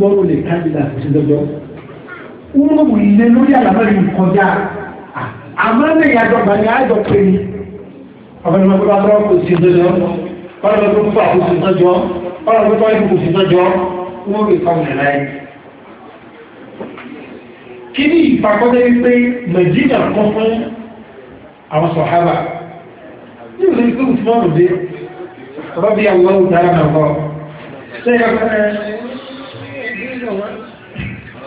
wọ́n lè kájìlá sí lọ́jọ́. wọ́n mú ilé lórí àlàmọ́lì kọjá àmọ́ ní ìyàdọ̀gbà ni àjọ pé ní ọ̀gbẹ́ni ọgbẹ́ ọgbẹ́ kò sí lọ́jọ́ ọ̀rọ̀ tó fà kò sí lọ́jọ́ ọ̀rọ̀ tó fà kò sí lọ́jọ́ wọ́n lè fà wọ̀nyẹ̀ láyé. kí ni ìfàkọ́lẹ́ wípé mẹ̀jìnà kún fún àwọn sọ̀hábà ní ìlú ìpínlẹ̀ òṣùwọ̀n òde rọ́bì àwọn òtàrà náà kọ́ sẹ́yìn ọ̀gbẹ́ni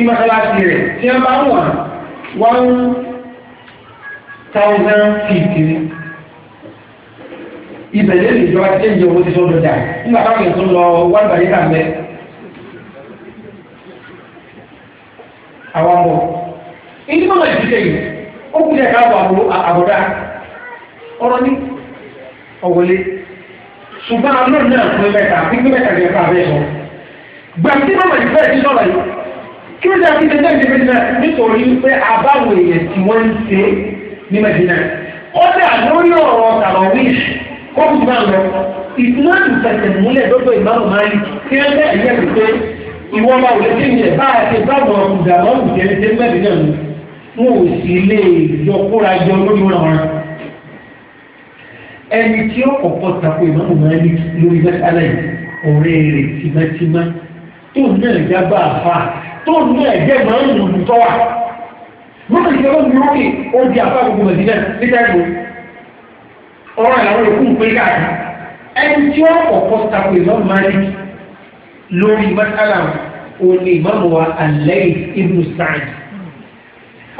sí mọ́sálásí rẹ̀ tí wọ́n bá wọ̀n one thousand fifty ibẹ̀lẹ́ lè jọ ajé ìjọ owó ti sọ́dọ̀ dà nígbà táwọn èèyàn tó lọ wọ́n bàyí kà mẹ́ àwọn ọmọ ìdí mọ́mọ́ ìdílé yìí ó kú ní ẹ̀ka àbọ̀dá ọ̀rọ̀ ní ọ̀wọ́lé ṣùgbọ́n àwọn náà pín mẹ́ta pín mẹ́ta ní ẹ̀ka àbẹ́ sọ gbàtí mọ́mọ́ ìdílé yìí sọ̀rọ̀ yìí kí ló dé àfihàn náà ní Mẹ́dínà nítorí pé àbáwò èèyàn tí wọ́n ń ṣe ní Mẹ́dínà ọ̀dà lórí ọ̀rọ̀ tàbí kó kù máa lọ ìsúnáàtù fẹsẹ̀ múlẹ̀ lọ́dọ̀ ìmáàmù máàlì kí wọ́n dé àyè pé pé ìwọ máa wò lẹ́sìn yẹn bá a ṣe báwọn ọ̀gá lọ́rùn tẹ́lẹ̀ tẹ́lẹ̀ Mẹ́dínà mú wọn ò sì lè yọ kóra jọ lórí wọn wọn ẹni tí ó kọ̀kọ́ tako ìmáàmù máàlì lórí mẹ́tàlá yìí ọ̀rẹ́ rẹ̀ tìmátìmá tó náà jábọ̀ àfáà tó ní ẹ̀jẹ̀ máa ń lù lù tọ́ wa lókè ìjọba mi lókè ó di àbá gbogbo mẹ̀dínà níta ìlú ọ̀rọ̀ ìlànà yòókù ń pè káàkiri ẹni tí wọ́n kọ̀kọ́ tako ìmọ̀mù Malik lórí mẹ́tàlá òní ìmọ̀mù wa alẹ́ ibùdó sáàd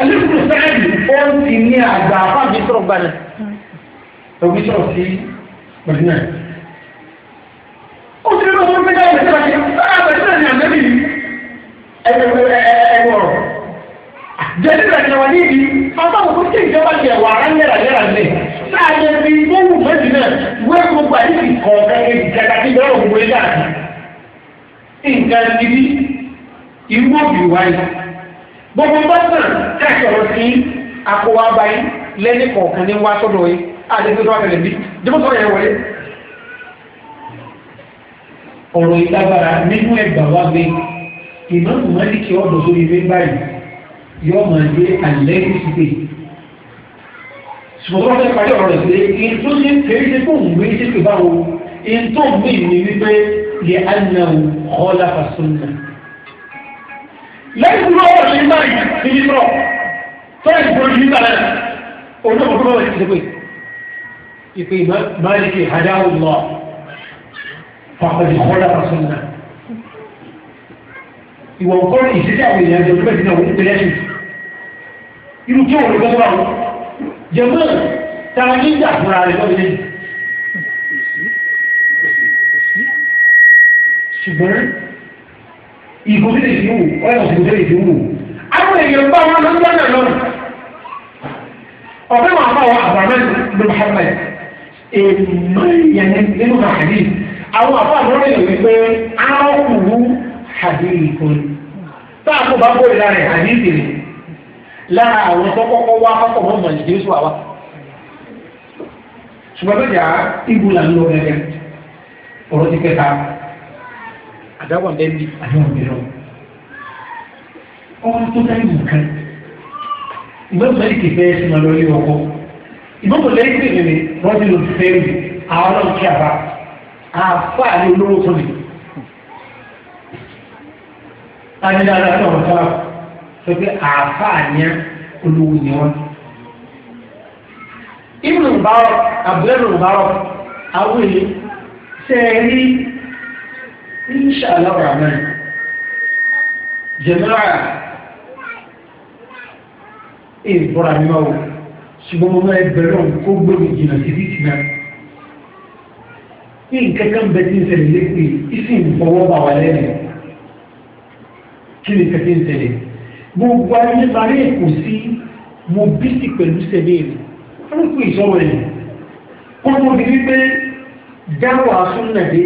alẹ́ ibùdó sáàd ó ń ti ní àgbà àbá mi sọ̀rọ̀ gbaná òbí sọ̀rọ̀ sí mẹ̀dínà ó ti lọ́wọ́ mẹ́tàlá ẹgbẹ̀rún jẹ́sí rẹ̀ wà níbi fáwọn kò tí ìjọba jẹ wà á yẹra yẹra lẹ̀ sáàyẹ fi gbóhùn méjì náà wẹ́ gbogbo àdìsí kọ̀ọ̀kan ẹ̀jì kàkà tí ìjọba òun wọlé dà sí. nǹkan níbi irú òbí wáyé gbogbo bọ́sàn káàkiri ọ̀rọ̀ sí akọwà báyìí lẹ́ni kọ̀ọ̀kan ní wá sọ́dọ̀ yìí àdìsí tó wà tẹ̀lé bí dẹ́gbọ́n sọ̀rọ̀ yẹn wọlé ọ̀rọ̀ ìlágbára nínú ẹgbàá wá gbé ìmáàmù mọ́lìkì ọ̀dọ̀ sórí ilé báyìí yóò máa gbé àlẹ́yìn síbẹ̀. ṣùgbọ́n wọ́n fẹ́ parí ọ̀rọ̀ rẹ̀ pé in tó ṣe kéré ṣe fún òun gbé ṣe pé báwo in tó mí ni wípé lè ànàwó ọ̀la fàṣọ́nà. lẹ́yìn tó lọ́wọ́ ṣe báyìí níbi tọ́ tọ́yìn tó ní bàrẹ̀ olóòkú tó bá ṣe pé ìpè máàlìkì àdáwò fàkọ̀dì ọ̀la fàṣọ́nà ìwọ̀ nǹkan ìṣẹ́jẹ́ àwọn èèyàn jẹ́ ọdún náà wọ́n pẹ̀lẹ́ ṣùgbọ́n irú tí òun gbọ́gbọ́ àwọn jẹ̀mọ́ ta ní ìjà fúnra rẹ̀ lọ́wọ́ ilé ṣùgbọ́n ìbò tí lè fi wù ọ̀rọ̀ sì lè fi wù àwọn èèyàn bá wọn lọ́jọ́ náà lọ́nà ọ̀fẹ́ wọn bá wọn ló bá hàn báyìí ìyẹn nínú àdìs àwọn àbá àbúrò yẹn wípé àwọn kùrú àdìs kùrú táàkù bá bóyá lára àdìsí rẹ̀ lára àwọn tó kọ́kọ́ wá kọ́kọ́ mọ́ mọ̀ jésù àwa ṣùgbọ́n tó jà ibu là ń lọ gẹ́gẹ́ ọ̀rọ̀ ti kẹta àdáwọ̀ bẹ́ẹ̀ bí àdáwọ̀ bẹ́ẹ̀ lọ. ọmọ tó dá ìmọ̀ kan ìmọ̀tò lẹ́yìn kìí fẹ́ sinmi lọ ilé ọkọ ìmọ̀tò lẹ́yìn kìí fẹ́ rọ́ọ̀dì ló fẹ́ rí àwọn ọlọ́run kí àfáà ní olówó tó nìyí adídára tó ń sọ sọ pé àáfàá ni olówó ni wọn. ibùdó ìbárọ̀ àbúrẹ́lù ìbárọ̀ awúlé ṣe é rí inṣàlá ọ̀rọ̀ náà jẹ̀mẹ́rà ìbúra mi máa wò ṣùgbọ́n mo máa bẹ̀rẹ̀ òun kó gbòòrò jìnnà sí títì ní nǹkan kan bẹ́ẹ̀ tí ń ṣẹlẹ̀ lẹ́kùn ìsìn ìfọwọ́ bá wà lẹ́nu kí ni kẹ́kẹ́ ń tẹ̀lé gbogbo ayé parí èkó sí mo bí sí pẹ̀lú sẹ́lẹ̀rì fún kú ìṣọ́wọ́ ẹ̀ kó tó di wípé dáwọ̀ asúnnàdé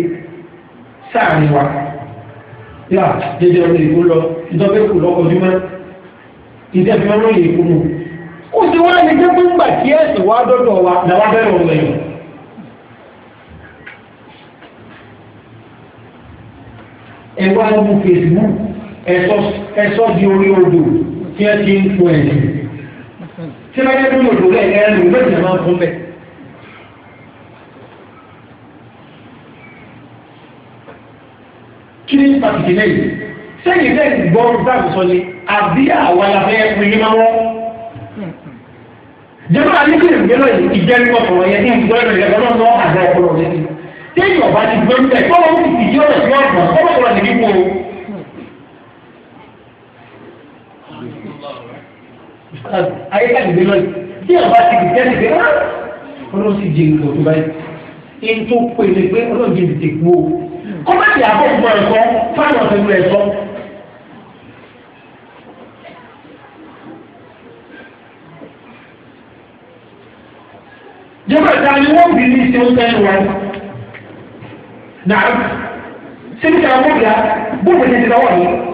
sáàrin wa yà dédé ọmọ èkó lọ ìjọba èkó lọ́kọ̀ọ́dúnmọ́ ìjẹ́bi ọmọ èkó mu ó ti wá ní pé gbígbà kí ẹ̀sìn wá dọ́dọ̀ wa làwọn bẹ̀rẹ̀ ọ̀rọ̀ ẹ̀yìn. ẹ̀wá mú ẹ̀sọ́ di orí odò tí ẹ ti ń po ẹ̀sìn tí wọ́n yẹ kí odò rẹ̀ ẹ̀ lò lóòjì máa ń fún bẹ́ẹ̀. kí ni pàtàkì lẹ́yìn sẹ́yìn lẹ́yìn gbọ́ dáàbò sọ ni àbí àwa la fẹ́ pin ní máa wọ́. jẹ́pọ̀ alẹ́kùnrin ìgbélọ́ ìjẹ́rìí ọ̀pọ̀lọ́ yẹn ní ìgbélọ́ ìjẹ́rìí ọ̀pọ̀lọ́ yẹn ní ìgbélọ́ ìjẹ́rìí ọ̀pọ̀lọ́ yẹn ní ìgbélọ́ ìjẹ́rìí ọ̀pọ̀lọ́ yẹn ní ìgbélọ́ ìjẹ́rìí ọ̀pọ̀lọ́ yẹn ní ìgbélọ́ ìjẹ́rìí ọ̀pọ̀lọ́ yẹn ní sáàdù ayé kàdìdé lọ́yìn tí àbá ti dìde ẹni pé ọlọ́run sì jẹ nǹkan tó báyìí ẹni tó pè ní pé ọlọ́run jẹ dìde kú o kọ́mẹ́tì àbọ̀ gbọ́ ẹ̀kọ́ fáwọn ọ̀sẹ̀ ẹ̀kọ́ jẹ́mọ̀ ẹ̀ta ni wọ́n bí ní ìṣe oúnjẹ ẹ̀rọ wọn. Nàá, ṣé ní sọ̀rọ̀ bóbìlà bóbìlà ti ti lọ́wọ́ yìí.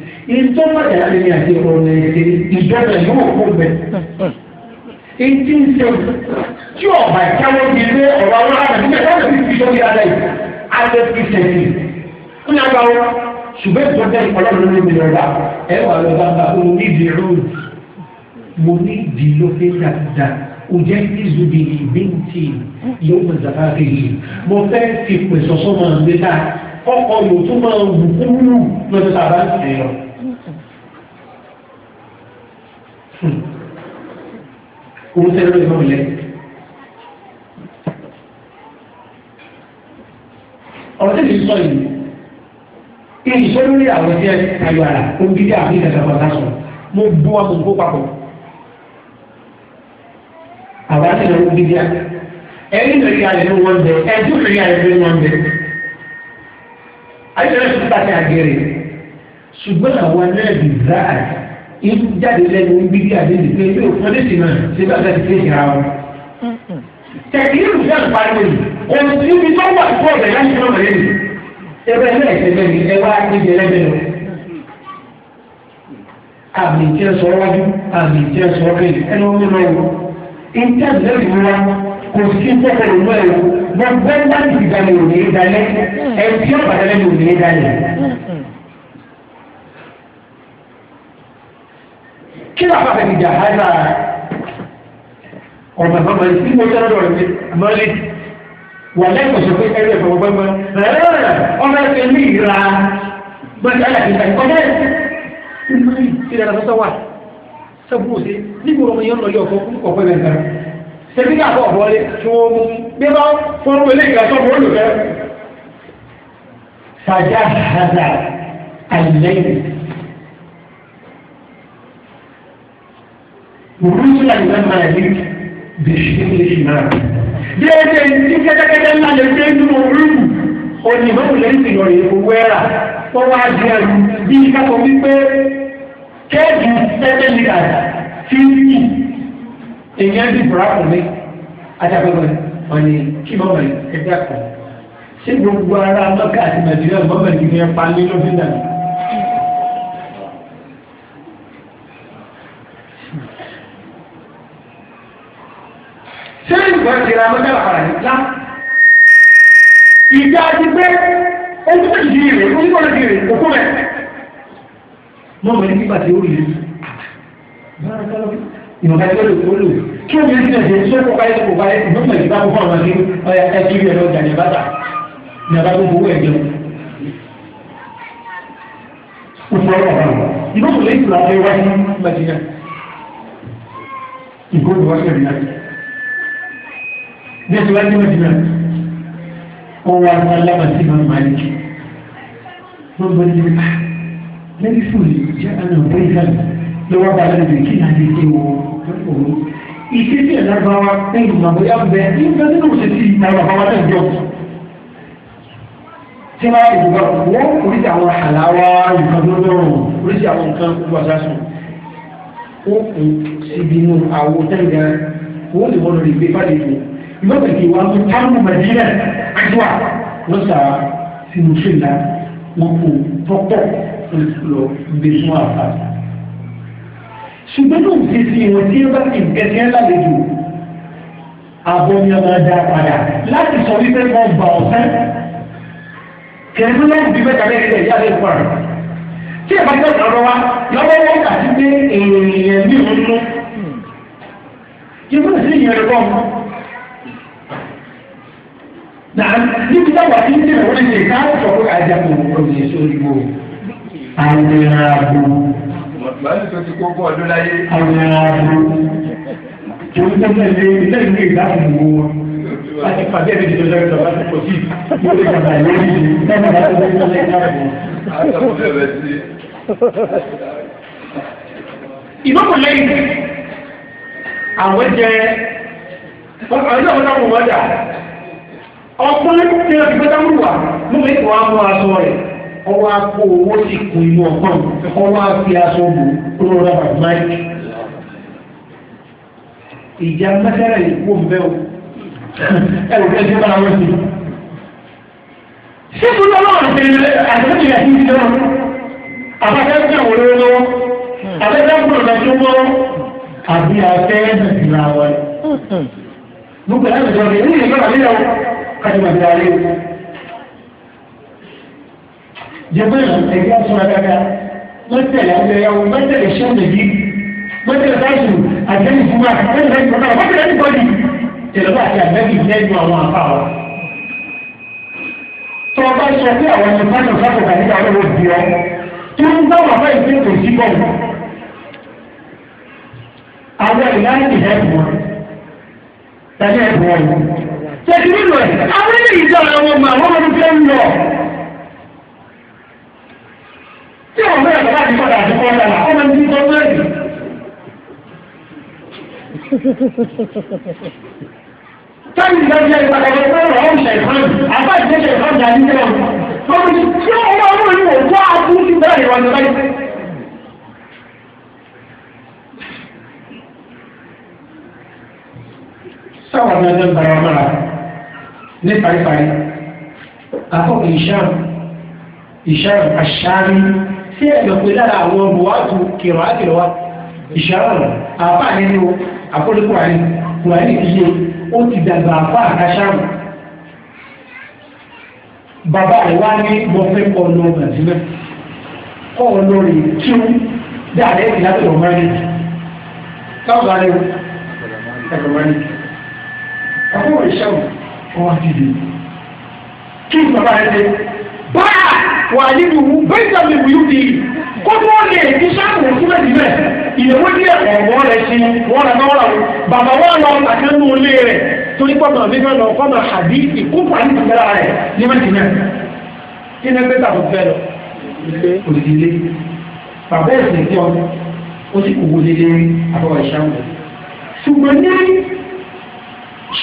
ìjọ padà lè ní àti ọ̀nà èdè ìjọba yóò kó bẹ. Ètí ń sẹ́wọ̀n tí ọ̀bà ìjáwọ́ di ilé ọ̀rọ̀ àwọn aráàlú ní ẹ̀rọ ti fi sórí ara yìí. Alẹ́ fi sẹ́yìn. Ó ní agbára ṣùgbọ́n ìjọba ìkọlọ́run ló mi lọ́la. Ẹ wà lọ bàbá mo ní ìdí rúùn. Mo ní ìdí ló fẹ́ dáadáa. Òjẹ́ ìzù bí ìbí ń tì yóò mọ̀ zàkà kejì. Mo fẹ́ fi pèsè ọ̀sọ́ máa ń gbé dáa. Ọkọ̀ yòó tún máa wù kúrú lọ́dọ̀ tàbá ń sẹ́yọ̀. kó ń sẹ́rọ ìmọ̀ lẹ́. ọ̀rọ̀ tẹ́lẹ̀ sọ yìí kí n sọ lórí àwọn tí ẹ tayọ ara ó ń gidi àbí ìdàgbà bá sọ mo bú wa mo kó papọ̀ àwọn àti ìdàgbà ó ń gidi àbí ẹni lè rí alẹ́ ní wọ́n bẹ ẹdún lè rí alẹ́ ní wọ́n bẹ. ayọ̀rẹ́ fún pàtẹ́ àgẹ̀rẹ̀ ṣùgbọ́n àwọn náà bì záà irú jáde lẹ́nu ní bíbí àdéhùn pé ilé òfin ọdẹ́sì náà ṣe bá àgbà ti ṣe ara wọn. tẹ̀sí irú fẹ́ pariwo yìí ohun tí ibi tó wà fún ọ̀bẹ láti fún ọ̀bẹ lẹ́nu. ẹgbẹ́ ẹlẹ́ẹ̀kẹ́ bẹ́ẹ̀ ni ẹ wá níbi ẹlẹ́bẹ̀ lọ. àmì tí ẹ sọ wájú àmì tí ẹ sọ kẹ́yìn ẹni wọ́n mímọ́ ẹ̀wọ̀. ìtẹ́sí lẹ́yìn wa kò sí tẹ́tẹ́ ìlú ẹ̀wọ̀ gbogbo ẹ̀ kí ló àpapẹ̀ ìjà àìsà ọ̀nà àpapẹ̀ tí mo jẹ́ lọ́dọ̀ rẹ̀ mọ́lẹ̀ wà lẹ́kọ̀ọ́ sọ pé ẹgbẹ́ ìfọwọ́ gbẹ́gbẹ́ ọmọ ẹgbẹ́ ní ìra gbẹ́gbẹ́ ayàkíta ìkọjá ìlú ìdára sọ́sọ́ wà sọ́bùrù sí nígbà ọmọ yẹn lọ yọ ọkọ̀ fún ọ̀pọ̀ ẹgbẹ́ nǹkan ṣẹbi ní àbọ̀ ọ̀bọ̀lé tí wọ́n mú bí bá fọ́nrú ilé ìgbà tó wọ́n lò fẹ́. sàjà àdà àìlẹ́yìn وكل لما يليك بالشمال الشمال déédéé ní kẹ́tẹ́kẹ́tẹ́ ńlá lè dé nínú rúùmù òyìnbó lè ń sìn lọ́rẹ̀ owó ẹ̀rà tó wá di ẹ̀rù bí kápọ̀ wípé kéèkì tẹ́tẹ́ lítà fífì èèyàn bí bùrákùn mi adágbẹ́gbẹ́ wọn ni kí mọ́ mọ̀ ẹgbẹ́ kan ṣé gbogbo ara mọ́kà àti nàìjíríà mọ́ mọ̀ nínú ẹ̀pá nínú fíńdà mi. wọ́n ti ra mọ́tàlá padà ní kílá. ìjà ti pé ó ń tẹ̀lé ìdí rẹ̀ ó ń tọ́lé ìdí rẹ̀ òkú rẹ̀. wọ́n mọ̀ ní nígbà tí ó rí i. ìmọ̀ká ẹgbẹ́ ló tó lò kí omi ẹni tẹ̀lé ṣé kó báyé kó báyé ìmọ̀ká ìgbà kó fún àwọn àti ọ̀yà ẹ̀kiri ẹ̀rọ ìjà ní bàtà ní abá tó fowó ẹ̀jẹ̀ ìgbóhùn lè tún àti wáyé mẹ́tìrẹ́ ìgbóhùn wáyé mẹ́tìrẹ́ bí ẹ ti wá dé mẹ́tìmá ó wá ní alábàásí máa máa lè ló ń bọ́ ní ibi lẹ́yìn fún mi jẹ́ àná bẹ́ẹ̀ sálẹ̀ lọ́wọ́ bá lẹ́yìn rẹ̀ kí náà lè dé wọ́n lọ́wọ́ ìṣesí ẹ̀ lágbára lẹ́yìn ìgbà bóyá bẹ́ẹ̀ ní bẹ́ẹ̀ nínú òṣèṣì àwọn bàbá wa náà jọ tí wọ́n á ìdùnnà wọ́n oríṣi àwọn àláwá nǹkan tó lọ́rùn oríṣi àwọn nǹkan gbogbo àṣàṣùn ó kù síbi inú àwọn tẹ́lẹ̀ wọ́n lè wọ́n lè gbé fàdé fún un lokaci wasu tamu madinar ajiwa wasa sínú fìlà wọn kò tọ́pọ̀ lọ gbèsùn àfà. ṣùgbọ́n tó ń ṣe sí wọn tí wọ́n ti gẹ̀gẹ́ lálejò àbọ̀ ni ọmọ ẹja padà láti sọ wípé wọ́n gbà ọ̀sẹ́. kẹ̀lú láti bí bẹ́ẹ̀ kàlẹ́ ilẹ̀ ìyá lè fún àrùn. tí ẹ̀ bá jẹ́ ọ̀rọ̀ wa lọ́wọ́ wọn kà sí pé èèyàn ní òun nú. yẹ́n bá sì yẹn lọ́wọ́ na níbi táwọn àti ní ìwé ní ìka sọ̀rọ̀ àjàmù òní sóríwó àwìnràbù. báyìí tó ti kókó ọdún láyé. àwìnràbù tó ń tẹ́lẹ̀ lé ilé ìwé ìdáhùn wò wọn láti pàdé ẹni tó lọ́wọ́ tọ́wọ́ tó kò sí yóò lè gbàgbà lórí ìlú lẹ́yìn àwọn jẹ ọ̀rọ̀ náà wọ́n dà ọgbọ́n tí wọ́n ti gbé dáhùn wá mú mi kò wá mú aṣọ rẹ̀ ọwọ́ akó owó sì kú inú ọgbọ́n ọwọ́ afi aṣọ bò kúrò rọ́bà máìkì. ìjà mẹ́tẹ́rẹ̀ yìí kú ń bẹ́ o ẹ ò kẹ́sí bára wọ́n ti. síbi lọ́wọ́ àti àtẹ́tù yà sí ìjọba àbájáde náà wọlé lọ́wọ́ àbájáde náà gbọ́dọ̀ tó mọ́ àbí kájọba bí alẹ́ o. jẹ́pẹ́ náà ẹ̀yà sọ̀rọ̀ dáadáa mọ́tẹ̀lẹ̀ àgbẹ̀yàwó mọ́tẹ̀lẹ̀ sẹ́ńdẹ̀ yìí mọ́tẹ̀lẹ̀ táìsù àtẹ́lẹ̀ fúnra mọ́tẹ̀lẹ̀ fúnra mọ́tẹ̀lẹ̀ nígbọ́dì tẹ̀lẹ́bà àti àgbẹ̀bì lẹ́nu àwọn àpá wa. tọ́ ọba sọ pé àwọn ọmọ fáwọn fáwọn kàdé ká lọ́wọ́ bí ọ tó ń bá wàhálà ìpín kò sí bọ̀ àwọn ìlànà ìhẹ́pù wọn tàbí ẹ̀pù wọn tẹ̀sí ẹ̀ àwọn ilé ìjọ àwọn ọmọ àwọn ọmọ tó ń lọ. tí wọn bẹ̀rẹ̀ bàbá àti padà àti padà là ọmọ ní sọ bẹ́ẹ̀. Táyì ìdájọ́ ìpàdé ọ̀rọ̀ ọ̀rọ̀ ọ̀ṣẹ̀ ìfọ̀n àbá ìdẹ́ṣẹ̀ ìfọ̀n dà ní ìjọba. Bọ́lá ti tí ọmọ ọmọ ìlú òkú àbú ti bẹ̀rẹ̀ ìwà ìjọba yìí. Sáwọn ọmọ ń bára mọ́ra ní paripari àkọ́kọ́ ìṣàn ìṣàn àṣàrí sí ẹ̀jọ̀ pé lára àwọn buwájú kìrọ̀ àkìrọ̀wá ìṣàn àpá nínú àkọ́lẹ́kọ̀ọ́ àrí buhari ti yé ó ti dàgbà àpá àkàṣàrù bàbá rẹ̀ wá ní mo fẹ́ kọ́ lọ màdínà kọ́ ọ lórí kí ó dáadé ti láti ọmọ rẹ̀ káwọn bá rẹ̀ ẹ̀kọ́ rẹ̀ àkọ́kọ́ ìṣàn wọ́n wá dìde kí bàbá rẹ̀ dé báyà wà nínú bẹ́ẹ̀ ni wíwú di kó tó lè fi sáàmù síbẹ̀ síbẹ̀ ìyẹ̀wò díẹ̀ ọ̀gbọ́n rẹ̀ sí wọ́n rẹ̀ náà làwọn bàbá wọn lọ àtẹnu ilé rẹ̀ torí pọ̀tàn mi fẹ́ lọ fọ́nà àbí ìkópa ní ìpínlẹ̀ rẹ̀ ní mẹ́tìnà kí ni ẹgbẹ́ tàbí fẹ́ lọ òsìlé bàbá ẹ̀sìn tí ọmọ ó sì kò wọlé lé àbọ̀wọ̀ ìṣàmù ṣùgbọ́n ní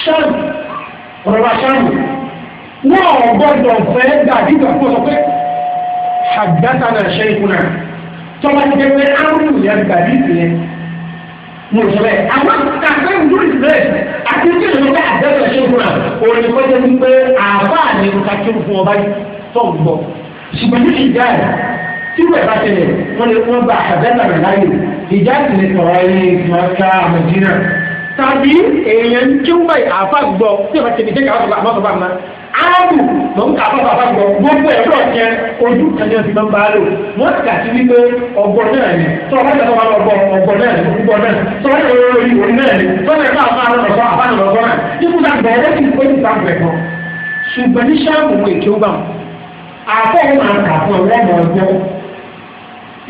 ṣáàmù ọ̀rọ̀ba ṣáàmù wọ́n ò gbọ́dọ̀ fẹ́ dàbí ìgbàgbọ́ sọ pé àgbàtàna ṣe ìkùnà tọ́ba ti pé àrùn yẹn dàbí ìpìlẹ̀ mo sọ bẹ́ẹ̀ àwọn kàfẹ́ ìdúró ìpìlẹ̀ àti tí ìlú bá àgbàtàna ṣe ìkùnà òní kọ́ jẹ́ wípé àbá ni nǹkan kí n fún ọba tó ń bọ̀ ṣùgbọ́n ní ìjà rẹ̀ tí wọ́n bá tẹ̀lé wọ́n tàbí èèyàn tí ó báyìí àfa gbọ́ tí o bá ti di jẹ́ ká sọ̀rọ̀ àmọ́ sọ̀rọ̀ àmọ́ áàbù mọ̀ ń kà fún àfa gbọ́ gbogbo ẹ̀rọ ọ̀kẹ́ ojú kan ní ọ̀sìn máa ń bá lò wọ́n kà sí wípé ọgbọ́n náà ni tọ́wọ́ bá tẹ̀sán wọn ọgbọ́n ọgbọ́n náà ni ọgbọ́n náà tọ́wọ́ náà ló lórí orí náà ni tọ́wọ́ náà fún àwọn ọ̀sán àfa náà lọ́gbọ́n náà dípò náà gbọ́ ọwọ́ tí ó ti ta gbẹ̀ kan ṣùgbọ́n ní sáàmù wo èké ó bá wọn àfọ́ wọn máa kà fún ọwọ́ ọmọ ọgbọ́n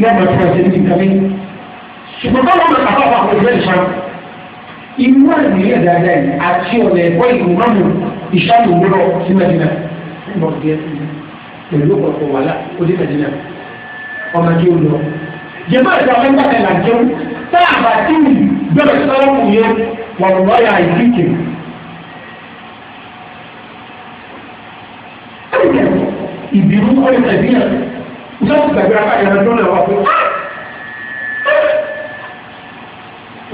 lọ́mọ tó ọ̀sẹ̀ ní ìkàlẹ́ ṣùgbọ́n báwọn máa kà fún àwọn ọmọ ìgbẹ́ ìṣàmù inú àníyàn dáadáa yìí àti ọ̀nà ẹ̀kọ́ ìlú mọ́mù ìṣàlù wúrọ̀ sí mẹ́dínà pẹ̀lú ọ̀pọ̀ wàhálà ó dé mẹ́dínà ọmọ tí ó lọ. jẹ́bọ́ ìta ọ̀rẹ́ pàtẹ́ là ń jẹun tá a bá tí ì bẹ̀rẹ̀ sọ́rọ́ kù yẹ wọ̀n lọ́ọ̀yà ìdíje. ìbínú ọ̀rẹ́ tẹ̀síyàn ìjọba ìgbàgbé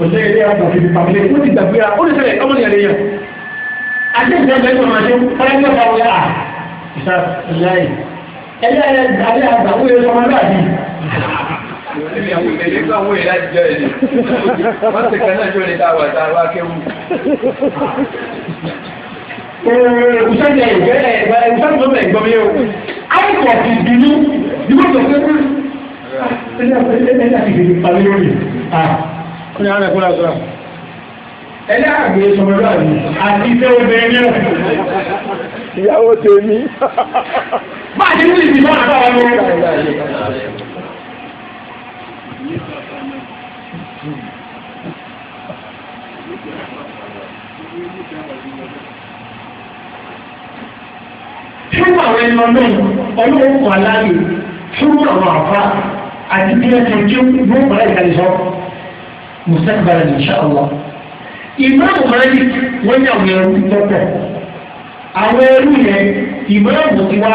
òṣèré ilé ọkọ̀ fi pàmílẹ̀ ó ti gbàgbé ra ó ti ṣẹlẹ̀ ọmọ nìyẹn lèyàn àjẹjẹ ọgbẹ tó máa ṣe ọlọ́gbẹ́ bá wọlé à ìṣàlàyé ẹ̀yà ẹ̀yà àgbà wọlé ọmọ náà bí. Ìyàwó ìgbẹ́lẹ́ gbà wọ́n yẹn láti jọ ẹ̀ ní. Wọ́n ti kan náà jọ lè dá wàtá wá kéwù. Ìṣèjì ẹ̀gbẹ́ ẹ̀gbẹ́ ìṣèjì ló bẹ̀ gbọ́ mi o. Àìkọ̀ ti bínú, ìwé ìjọba ẹ̀gbẹ́. Ẹ̀yà ẹ̀yà ti bèrè pàmí lórí ní ara ẹ̀kọ́ lásán ẹ̀dá àgbèrè sọ̀rọ̀ àmì àti iṣẹ́ obìnrin náà ìyàwó tèmi bá a ti ní ìdí náà sọ̀rọ̀ ní Fún àwọn ẹni ọlọ́run, ọlọ́run kò aláàyè, fún àwọn àfa àti bí wọ́n ti ń kí wọ́n pàdé ìtàlẹ́sọ́ mùsàgbàrà ní sàlọ. ìmáàmù Malik wọ́n ní àwọn ẹrú lọ́pọ̀ àwọn ẹrú yẹn ìmáàmù ti wá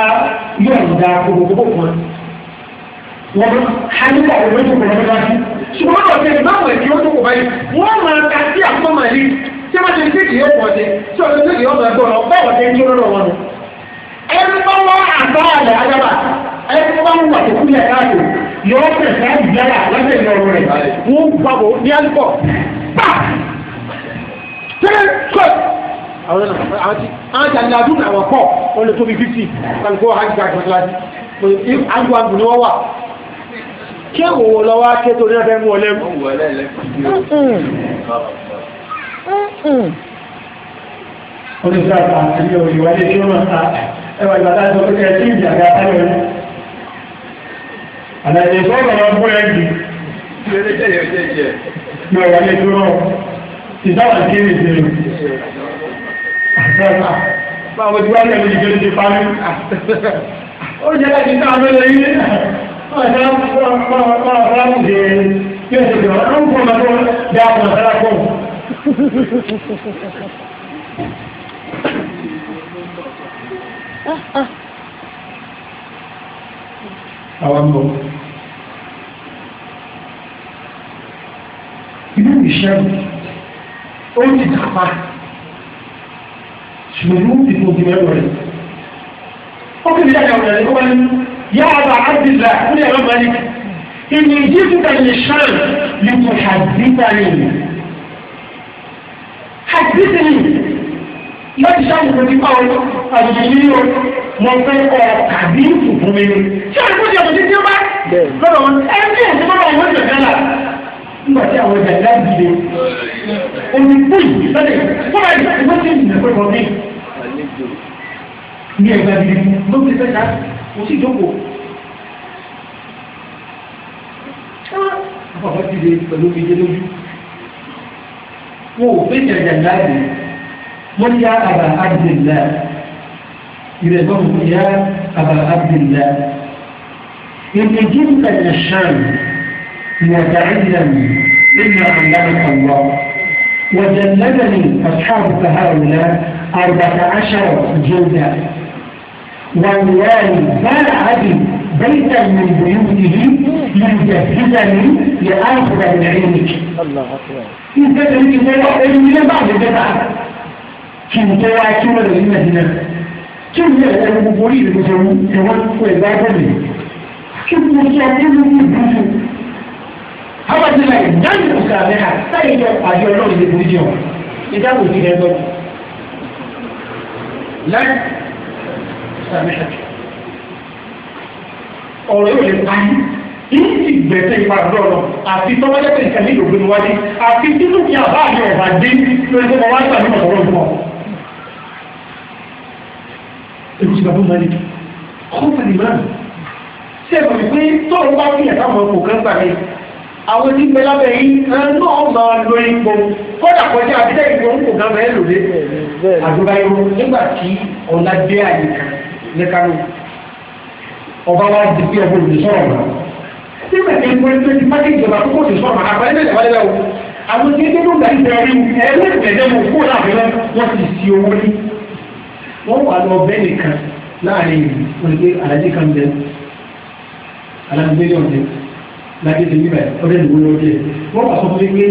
yọ̀ǹda gbogbo kan wọ́n hálùkọ̀ àwọn méjì kò lọ́dọ́ sí. ṣùgbọ́n wọ́n ṣe ìmáàmù ẹ̀kí ó dúkọ̀ báyìí wọ́n máa ka sí àpọ̀ Malik tí wọ́n ti ṣe kìí ọ̀pọ̀ ọ̀dẹ tí wọ́n ti ṣe kìí ọ̀pọ̀ ọ̀dẹ ẹni tó bá ń wà tó kúlẹ̀ káàdì yóò tẹ̀sẹ̀ àgbẹ̀yà lọ́sẹ̀ ìlọrin rẹ̀ wọ́n gbàgbọ́ ní àlùkò pa tẹ́lẹ̀ kọ́ àwọn àjàlẹ̀ àdúgbò àwọn kọ́ wọ́n lè tóbi fífì kan kó hàn gbà gbàgbà àjọ àgbò ni wọ́n wà kí òwò lọ́wọ́ ké torí náà fẹ́ mú ọlẹ́ mú. Olùsọ̀rọ̀ àti ìyẹ̀wò ìwádìí tí ó máa ta ẹwà ìbàdàn tó kẹ́kẹ́ sí ìjàgbá ayọ̀ yìí àlàyé sọ́ọ̀rọ̀ wọn fún ẹ̀jì ní ọ̀rọ̀ ní dúró ìdáwà sí ìdílé báwo ti wá ní ẹ̀mí ìgbé ti parí ó jẹ́ láti ká àwọn ẹlẹ́yìn ní ọ̀sán máa fọ́nà ṣe yóò ṣe jọ̀ọ́ ó ń fún ọmọ tó dá ọmọ sára pọ̀. Ah ah. àwọn ọmọ inú ìṣẹ́ ó ti kápá ṣùgbọ́n inú ti tó ti mẹ́rọ rẹ̀ ó kì í dáka ọ̀rẹ́ ó wá ní yá àbá àdìlá ní ẹ̀rọ malik ìní jíjìta lè ṣàn lè tó hàdìtà rẹ̀ hàdìtà rẹ̀ láti ṣáàjú tó ti pa ọ àjèjì ní o mo fẹ́ ọ tàbí fùfún mi ni. ṣé o lè kó jẹ́ òṣìṣẹ́ tí ó bá lọ́dọ̀ wọn ẹ bí ẹ̀sìn bá wọn ìwé ìjọba là nígbà tí àwọn ìjà ìlà dìde omi kú yìí lọ́dẹ̀ fún àyè ìwé tí ìjìnlẹ̀ pé wọ́n mi. ní ẹgbẹ́ bíi ló ti fẹ́ ta mo sì jókòó. àwọn àbá ti dé pẹ̀lú omi jẹ́ lójú wọn ò fẹ́ ìjà ìjà ìlà dìde. قل يا أبا عبد الله إذا قلت يا أبا عبد الله إن جئت إلى الشام وتعلم مما علمك الله وجلدني أصحابك هؤلاء أربعة عشر جلدة والله باع بي بيتا من بيوته ليجهزني لآخذ من عينك. الله أكبر. إذا كنت تقول إني بعد kí n tó wá kí wọ́n lè ní nàìjíríà kí n yẹ ẹ̀rọ gbogbo orí ìlú tó ń ẹ̀wọ́n fún ẹ̀dá ẹ̀dọ́mì kí n tó sọ pé mo ní ìbùsùn. Hábàtí láì dáhùn ìbùsùn àmì hà sáyé jẹ́ àjọ ọlọ́run ìdè burú jẹun ìdáhùn sí ẹgbẹ́ mi. Láì sàmì hà ọ̀rọ̀ yóò lè parí yìí ti gbẹ̀sẹ̀ ìpàdúrà lọ àti tọ́wọ́lẹ́sẹ̀ ìkàlẹ́ ìdògbé wájú àti títúkì àbáàjọ ọ̀bàdé lórí ọmọ wájú àti ọ̀sọ̀rọ̀ ìfọ̀ èmi ti bàbá mọ́lẹ̀ kọ́ńtà ní mọ́lẹ̀ ṣé ẹ̀kọ́ mi pé tọ́ọ̀rọ̀ bá fi ẹ̀ka mọ̀ kò kán gbà mí àwọn tí ń bẹ lábẹ́ yìí náà máa lo ipò kọ́dà kọjá abídá ìgbò ń kò gán bẹ́ẹ̀ lòdì àdúráyò nígbà tí ọ̀la dé àyè kan ní kánò ọba wa di bí ọgbọ́n olùsọ̀rọ̀ náà nígbà tí ẹgbẹ́ tó ti máa ń jọba tó kó olùsọ̀rọ̀ náà àgbà ẹgbẹ́ ìjọba lẹ́wọ̀ àwọn tí ẹgbẹ́ tó ń gbà ń jẹ́ ẹ̀rí ẹ̀rí ìgbẹ̀dẹ́ mọ̀ kó láàbẹ̀rẹ̀ wọ́n ti sí owó ní wọ́n wà lọ bẹ́ẹ̀ nìkan láàrin ìlú wọ́n gbé alájí kan bẹ alágbélé ọ̀dẹ láti ṣe níbẹ̀ ọdẹ ìlú lọ́dẹ wọ́n wà sọ fún mi pé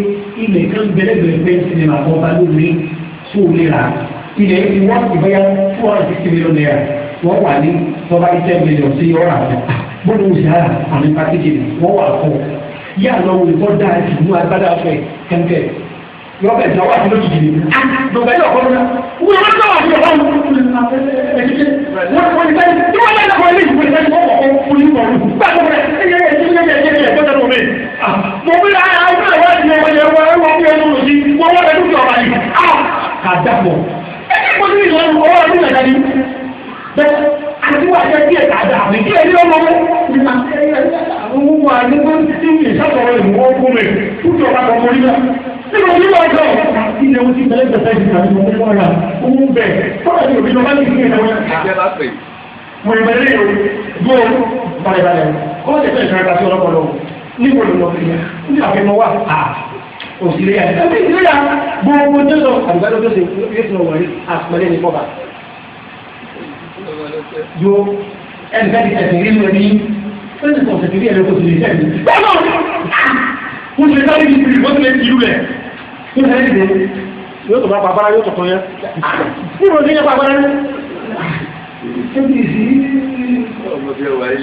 ilẹ̀ kan bẹ́lẹ́gbẹ̀ẹ́ fẹ́ sinimá kan bá lómi tó lè rà ilẹ̀ ti wọ́n ti bẹ́yà two hundred fifty million naira wọ́n wà ní tọ́ba iṣẹ́ mílíọ̀n sí ọ̀rà rẹ̀ bọ́dọ̀ òṣìṣẹ́ àmì pàtíkì wọ́n wà fún yà lọ́wọ́ ìbọ́dà ìlú agbádá fẹ́ kẹ́ńkẹ́ yọ bẹ náwó àti lójijì ni dùgbẹ́ yọ kọ́ lóla wọ́n yọ náwó àti yọ̀wọ́ wọ́n wọ́n ní bẹ́ẹ̀ tí wọ́n lé lọ́kọ̀ ilé ìgbésẹ̀ bẹ́ẹ̀ wọ́n kọ́ fún yín kọ́ gbàgbọ́ rẹ̀ ẹ̀yẹ ẹ̀yẹ ẹ̀yẹ ẹ̀yẹ ẹ̀yẹ ẹ̀gbọ́n tẹ̀lé omi. mo bí ara àwọn ọmọ ẹ̀wọ́n ti ẹ̀wọ́n ẹ̀wọ́n ẹ̀wọ́n fi ẹnu lòdì wọ́n wọ́n ẹ̀dùn fi ọ̀bà yìí ká dàpọ̀ ẹ̀yẹ kò sí ìlọrin ọwọ́ ọdún ẹ̀dá ni bẹ́ẹ̀ àti wà jẹ́ díẹ̀ tààdà àmì díẹ̀ ní ọmọ mọ́ àwọn ohun àdúgbò tí ìṣàkọ̀rọ̀ ìmọ̀ ọkùnrin fún ìjọba kọ̀ọ̀kan nígbà níbo ní wọn àti ilẹ̀ wọn ti bẹ̀rẹ̀ bẹ̀rẹ̀ ti tàbí wọn wọn ra owó bẹ̀ fọlá ní òbí lọ́wọ́ ní ìpínlẹ̀ wọn. mo ìbẹ̀rẹ̀ o gbọ́ balẹ̀balẹ̀ kọ́ ọ́ tẹ̀sán ìṣẹ̀rẹ̀ kàtí ọlọ́pọ̀ lọ níbo ló lọ sí òsìlẹ̀ yà ẹbí ìdílé yà gbogbo tó sọ àgbàdo tó ṣe yóò fi wọlé àpẹẹrẹ ní kọba. yo ẹnìkan ti tẹ̀sán ìrírí rẹ ní ó ní sọ̀tẹ̀ ìrírí rẹ lè tẹ̀lé. bẹ́ẹ̀ fún mi sáré ní ìpìlì bó tilẹ̀ ìlú rẹ̀ kí ni ẹ̀dẹ̀ yóò tó bá pàbára yóò tó tó yẹ kí ni òní yẹ pàbára ní.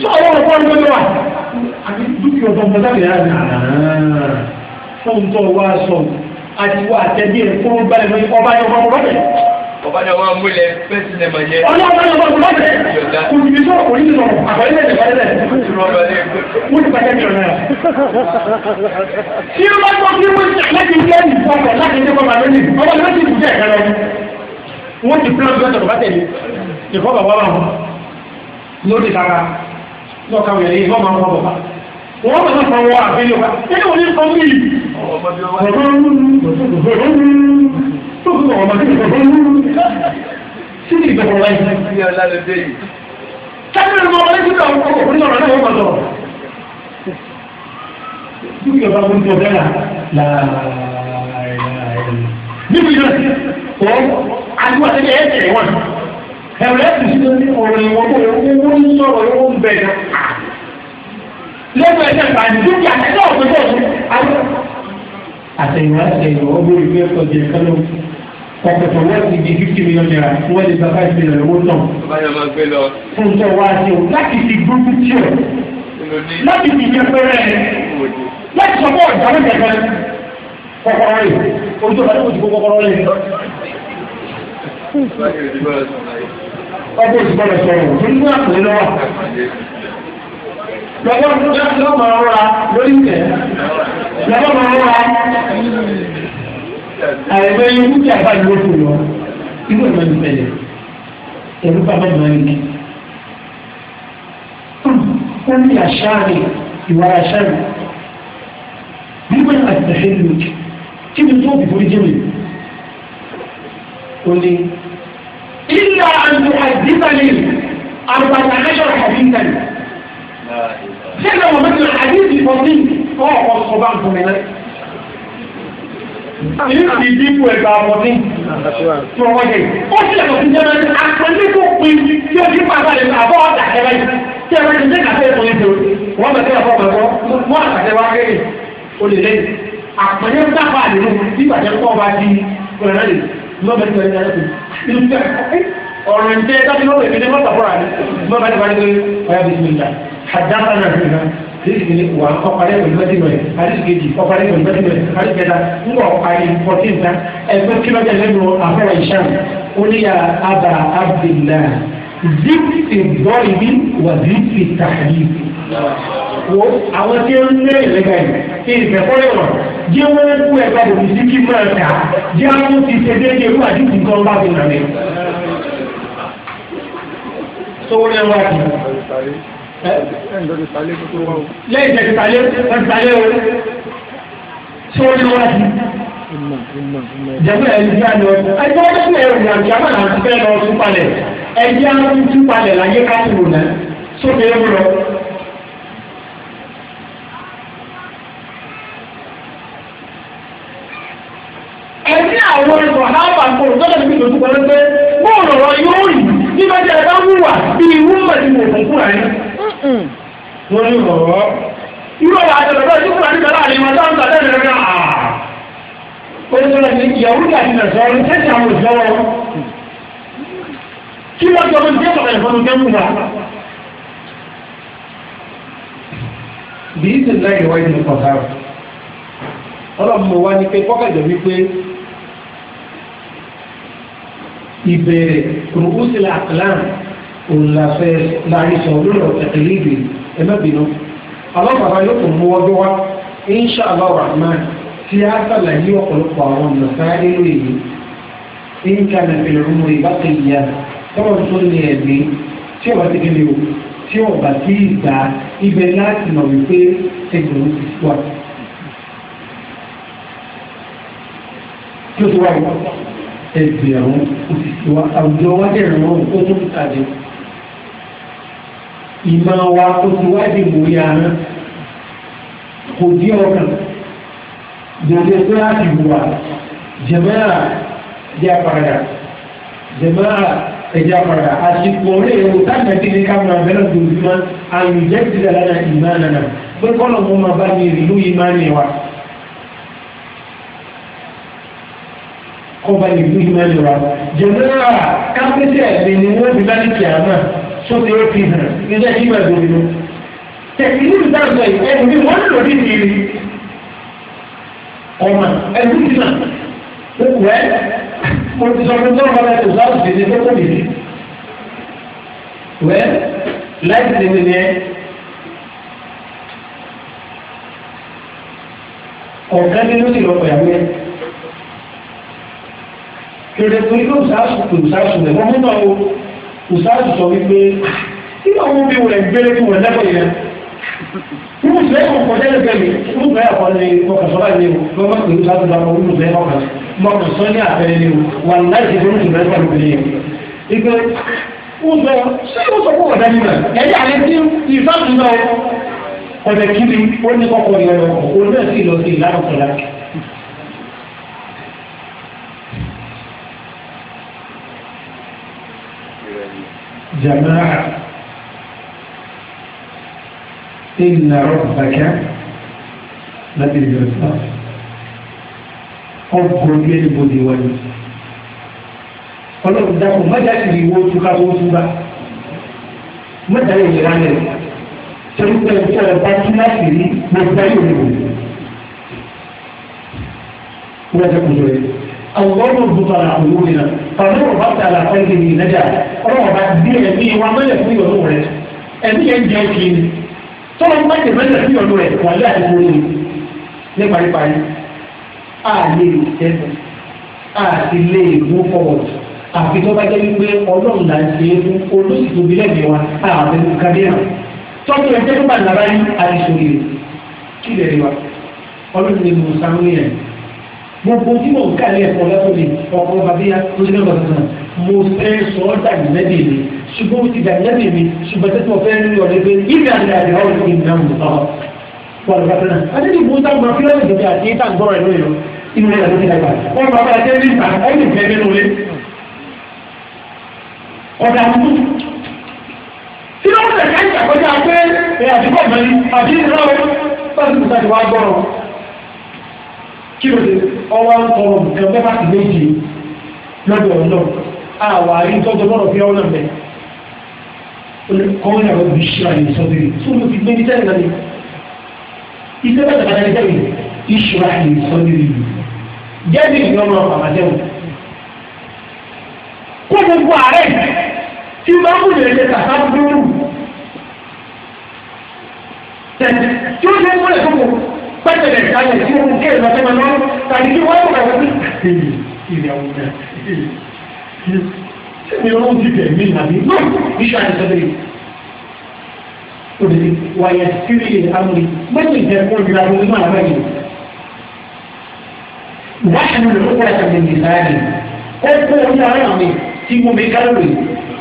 sọ ọwọ́ ọ̀pọ̀ ọdún ló wà àbí dúkìá ọ̀tọ̀ ọ̀pọ̀ sábẹ̀ yára fún tó wá sọ àti wà àtẹ̀bí ẹ̀ fún bá ẹ̀ ọba ẹ̀ ọba ọba bẹ̀ ọ̀bájọ́ máa mú ilẹ̀ fẹ́sì ní ọ̀nà ọ̀bájọ́ máa mú lọ́sẹ̀. yọ̀dá kò ní sọ kò sọ àbọ̀lẹ̀ ìbálẹ̀. mo ti bàjẹ́ mi ọ̀nà. tí o bá gbọ́ pé wọ́n ti láti ilé ìfọ̀kọ̀ láti ilé bàbá lónìí ọba ló ti bùjẹ́ ẹ̀ka lọ. wọ́n ti pílọ̀ lọ́sẹ̀ tó bá tẹ̀lé ìfọ̀kọ̀ wà wọn lóde tara lọ́ka wẹ̀rẹ̀ ìfọ̀ bàbá. wọ́n bẹ̀rẹ̀ tó fi wọ́n ọmọdé ìgbàgbọ́ yìí sí ní ìgbàgbọ́ wáyé. sábẹ́ ni mo wọlé sí ọ̀rọ̀ ọkọ̀ òkúrin ọ̀rọ̀ náà wọ́n mọ̀ lọ. Níbi ìjọba mo ń tọ́ bẹ́ẹ̀ láàárín. Níbi ìjọba ọ̀ àdúrà tẹ́lẹ̀ ẹ̀ tẹ̀lé wọn. Ẹ̀rọ ẹ̀ tún sí ní ọ̀rọ̀ ìwọ̀n tó owó ń sọ̀rọ̀ owó ń bẹ̀ náà. Lẹ́nu ẹ̀ tẹ̀lé àti dúkìá tẹ́lẹ̀ ọ̀gbẹ́ bọ̀ àtẹ̀yìnwá àtẹ̀yìnwá ó gbé ìgbé ẹ̀kọ́ jẹ kánú ọ̀pẹ̀tọ̀ wọ́n ti di fifty million naira wọ́n lè gba five million owó tán. fún tó wá sí o láti fi gbógun tí o láti fi yẹ pẹ́rẹ́ láti sọ fún ọ̀dà wọn kẹ̀kẹ́ kọ́kọ́rọ́ rẹ̀ ojú ọ̀dà tó ti kó kọ́kọ́rọ́ rẹ̀. ọgbọ́n ti bọ́lá sọ̀rọ̀ tó ní wọ́n àpè lọ́wọ́. lọ́wọ́ lọ́wọ́ máa rọra lórí ìtẹ̀ lọ́wọ́ máa rọra àìmọ ẹni kú tí a bá yọ fún lọ irú ẹ̀ máa ń bẹ̀rẹ̀ ẹ̀rú bàbá máa ń kí. ó ní àṣà rẹ̀ ìwà àṣà rẹ̀ bí wọ́n àti tẹ̀sẹ̀ lù kí ni tó bìbò jẹ́ mi. ó ní ilà àti àdìsálì àrùbàtà àṣọ àdìsálì. sẹ́yìn àwọn mẹ́tìrì àdìsí fọ́ọ̀tì ọ̀ọ́ ọ̀sọ̀ bá ń fún mi náà níbi dípò ẹgbà àbọ̀dín tí wọ́n wáyé. ó sì lẹ́kọ̀ọ́ sí jẹ́rẹ́ ní àpẹẹ́lẹ́kọ̀ pin tí ó ti pa àbá yẹn àbọ̀ ọ̀dà ẹ̀rẹ́ yìí tí ẹ̀rẹ́ yìí ní kàfẹ́ ìtòlẹ́ tó wọ́n bẹ̀ tẹ́lẹ̀ fọ́ọ̀mù ẹ̀kọ́ wọ́n àtàkẹ́ wá kéré olè lẹ́yìn àpẹẹrẹ ń dábàá àdéhùn bí ìbàjẹ́ pọ̀ bá di ọ̀rẹ́ rẹ̀ lọ́bẹ̀ tó ẹ̀dá rẹ̀ ọ̀rọ̀ ìjẹ́ dájú lọ́wọ́ ìpínlẹ̀ mọ́tàfọ́ra ni lọ́bẹ̀ tó bá di ọ̀rẹ́ rẹ̀ àdìsí ni wà ọ̀parí pẹ̀lú mẹ́tìmọ̀ yẹn àdìsí pẹ̀lú mẹ́tìmọ̀ yẹn ńgbà ọ̀parí fourteen tán ẹgbẹ́ kílọ̀jà lẹ́nu afẹ́rẹ́ ìṣàn oníyà abà abdullah zikti bọ́ọ̀lì wà zikti tàhálí wo àwọn tí ń lé ìlẹ́gà yìí ìfẹ́kọ́lẹ̀ wọn jẹ́ wọ́n kú ẹ̀ka òbí sí kí máa ta jẹ́ àwọn ti ṣe déédéé irú àdìsí nǹkan bá fi nà lẹ́yìn tẹ̀sí talé tẹ̀sí talé o tí wọ́n lé wá sí. jẹ́fẹ́ ẹni tí a lọ ẹgbẹ́ wọn tẹ̀sí ẹ̀rọ ìyá ìyá máa náà fẹ́ lọ tún palẹ̀ ẹgbẹ́ àwọn tún tún palẹ̀ láyé ká tó wọ̀nà sóde ewu lọ. ẹni àwọn ẹ̀sọ̀ hábà kò tọ́lá níbi ìdòtú kan ló bóòlù ọ̀rọ̀ yóò rí bí bá jẹ́ ẹ bá wúwà bí wúwà ti mọ̀ fún fúnra yẹn. Mm. wọ́n ní bọ̀wọ́. irú ọ̀la àjọyọ̀ bẹ́ẹ̀ tí fúlàní kan láàrin wọn táwọn gbàdá ìrìn rẹ̀ ó ní sọ́dọ̀ ní ìyàwó ní àti àwọn òṣìṣẹ́ wọn. kí wọ́n jọ bí ìsìn kọ̀ọ̀tà ọlọ́mọ wa ni pé wípé ìbẹ̀rẹ̀ kùrùkù sílẹ̀ òǹlàfẹ́ láàrísọ̀ lórí ọ̀tẹ̀kẹ̀lẹ́ ìbè ẹlẹ́bìnú alábàbá yóò kò mú ọdún wa insha allah rahman tí a sàlàyé ọ̀pọ̀lọpọ̀ àwọn nàfàárí lóye nǹkan nàfẹ̀lẹ̀ rúmọ ìbátan ìyá tọ́wọ́ tó ní ẹ̀mí tí ọba ti kéde o tí ọba ti gbà ibẹ̀ láti mọ̀ wípé ẹgbẹ̀rún ti wà. tí o ti wá ẹgbẹ̀rún ti wá àwùjọ wájú ẹ̀rọ ó tó ń tàjẹ́ ìmọ̀ wa tó ti wáyé ìmòrí àná kò dí ọkàn dèdè pé a ti wùwà jẹ̀mẹ́rà jẹ́ àpàdà jẹ̀mẹ́rà ẹ̀jẹ̀ àpàdà àsìkò rẹ̀ èrò táàgbà tí ní kámẹ́rà bẹ́rẹ̀ dòdúmọ́ àlùjẹ́ ti dàda náà ìmọ̀ ànànà pé kọ́nà mo máa bá mi ìlú yìí máa ní wa. kọ́ba ìlú yìí máa wa jẹ̀mẹ́rà kápẹ́tẹ̀ ẹ̀mí ni wọ́n fi bá ní kìá náà sóde ó fi hàn nígbà tí ìgbà gbòòrò lọ. tẹ̀sílì ìdáàbò ẹ̀rù ni wọ́n lò ní ìrì ọmọ ẹ̀rù ti mà wẹ́ mo ti sọ fún tó ń bọ́lá tó sáà sì ní tó tóbi ní. wẹ́ láti lè ní ẹ ọ̀gá nínú ìlọ́pọ̀ ìyàwó yẹn kèrè tó yóò sáà sùn kò sáà sùn lẹ́wọ́n mú náà o ìsáàtì sọ wípé nínú àwọn bí wọn gbélé bí wọn lẹ́kọ̀ọ́ yẹn nínú ìṣẹ́ ìkọ̀kọ̀ tẹ́lẹ̀ bẹ́ẹ̀ ni nínú ìṣẹ́ ìkọ̀kọ̀ ni mọ̀kàn sọ́lá ni o lọ́wọ́ pẹ̀lú ìṣáàtì ìdáwọ̀ nínú ìṣẹ́ ìkọ̀kọ̀ mọ̀kàn sọ́ ní àpẹẹrẹ ni o wà láì ṣe fún ìṣẹ́ ìkọ̀kọ̀ ni o. ìgbẹ́ ọ̀sọ̀ ṣé ó sọ fún ọ̀dà جماعة إن ربك لبالمرصاد ọkùnrin bí ẹni bòde wà ní ọlọ́run dákun mẹ́ta ìrì wo túká wo túká mẹ́ta ìrì ránẹ̀ torí pé ẹ̀jẹ̀ ọba tí láti rí gbogbo ayé òní wò ní wọ́n ti kùn tó àwọn ọmọ òdùnkọ̀ là òwò nìyà pàmò ọba tà là fẹ́ kéde ìnájà ọlọ́wọ́ bá dé ẹ̀mí wa mẹ́lẹ̀ fún ìyọ̀nù rẹ̀ ẹ̀mí yẹn jẹ́ kí ni tọ́lọ́ bá jẹ mẹ́lẹ̀ fún ìyọ̀nù rẹ̀ wà lé àdúgbò ni ní paríparí a lè tẹ́ a sì lè mú fọwọ́ àfi tó bá jẹ́ wípé ọlọ́run là ń ṣe é fún olóṣì tóbi lẹ́mìí wa àbẹ̀ kàdéhà tọ́jú ẹ̀jẹ̀ tó bá nàrá yín àdìsòrè kí lè rí wa ọlọ́run ni mo sáré gbogbo tí mo ká ilé ẹ̀kọ́ lẹ́kọ̀ọ́ mi ọ̀pọ̀ bàbíyá tó ti lọ́gbà tuntun mo fẹ́ sọ ọ́ dàbí lẹ́bí mi ṣùgbọ́n mo ti dàbí lẹ́bí mi ṣùgbọ́n tẹ́tí mo fẹ́ rí ọ̀rẹ́ pé ìgbà àti àti àwọn ìlú ìgbà mi sọ ọ́ wọ́n lọ́gbà tuntun àti ní ìbúta gbọ́n kí lọ́dún ìdíje àti ìta gbọ́n rẹ̀ lóyún inú rẹ̀ ló ti dàgbà wọ́n bá bá jẹ́ kí ló dé ọwọ́ ń tọrọ nǹkan bẹ́ẹ̀ bá ti méjì lọ́dọ̀ ọ̀nà àwọn àárín tọ́jú lọ́rọ̀ fi ọ̀nà mẹ́ kọ́mọ́nà ló bí ṣe àyè sọ́dẹ̀rẹ̀ tó ló ti gbẹ́ni tẹ́lẹ̀ lẹ́yìn iṣẹ́ bẹ́ẹ̀ tẹ̀lé ẹni tẹ́lẹ̀ ìṣù àyè sọ́dẹ̀rẹ̀ yìí jẹ́bi ìyọ́nà àmàdẹ́wò kó gbogbo ààrẹ tí máa ń wùlẹ̀ ṣe tàbá dúró tẹ̀lé tí ó ṣe ń wọlé fún pẹ́tẹ̀lẹ̀ ìtajà tí mo kí ẹ̀rọ tẹ́lẹ̀ náà tàbí kí wọ́n rẹ̀ wọ́n ní ìrẹ̀ ọ̀hún rẹ̀ ṣé mi lọ́wọ́ ti bẹ̀ mí nàbí náà iṣẹ́ àìsàn lè òdìdí wàyà sírí àmì mẹ́rin jẹ́ fún ìrìn àwọn onímọ̀ àwọn yìí wáṣẹ́ mi lọ́wọ́ pẹ́tẹ̀lẹ̀ ìtajà ó kó orí ara mi tí mo mi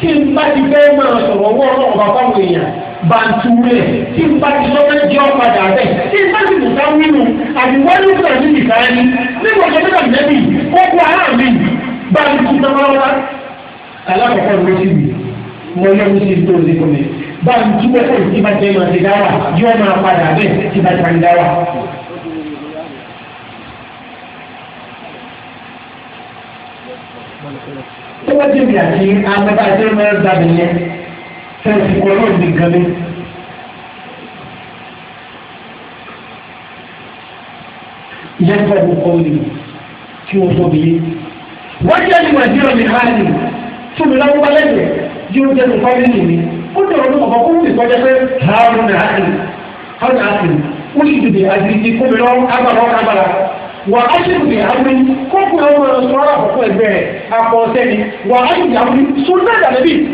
tí n bá ti fẹ́ máa sọ̀rọ̀ wọ́n náà wà fáwọn èèyàn bàǹtù rẹ̀ tí n bá ti sọ́kẹ́ jẹ́ ọ̀padà rẹ̀ tí n bá ti mú sáwọn nínú àdìwọ́lú fún ẹ̀mí nìkan ni nígbà tó dé tàbí nẹ́bí ó kú ara mi bàǹtù náà alákọ̀ọ́kọ́ ló ti wù mo yẹ kó ti tó o ti fún mi bàǹtù bẹ́ẹ̀ kò tí bá jẹ́ máa ti dáwà yóò máa padà bẹ́ẹ̀ tí bá jẹ́ máa ti bá débi àti amẹ́bàdé mẹ́rin dábì yẹn fẹ́ẹ̀sì kọ́ ló ń di gẹ́lẹ́. yẹn bọ̀ bó kọ́ ni tí wọ́n tóbi yé. wọ́n jẹ́ ní wàjírí ọ̀nì hàní tóbi lọ́wọ́ bá lẹ́yìn yí ó jẹ́ ní fámìlì mi ó dọ̀rọ̀ ní ọ̀bọ̀ kó wù mí kọjá pé hàrùn náà hàní hàrùn náà hàní ó sì dìde àdìrí kó mi lọ́wọ́ kábàlọ́ kábàlọ́. wà á ṣe ìrìn àmì kókò ọmọ ìṣòro àkọ́kọ́ ẹgbẹ́ rẹ̀ àpọ̀ ni wà á ṣe ìyàwó sọ́dọ̀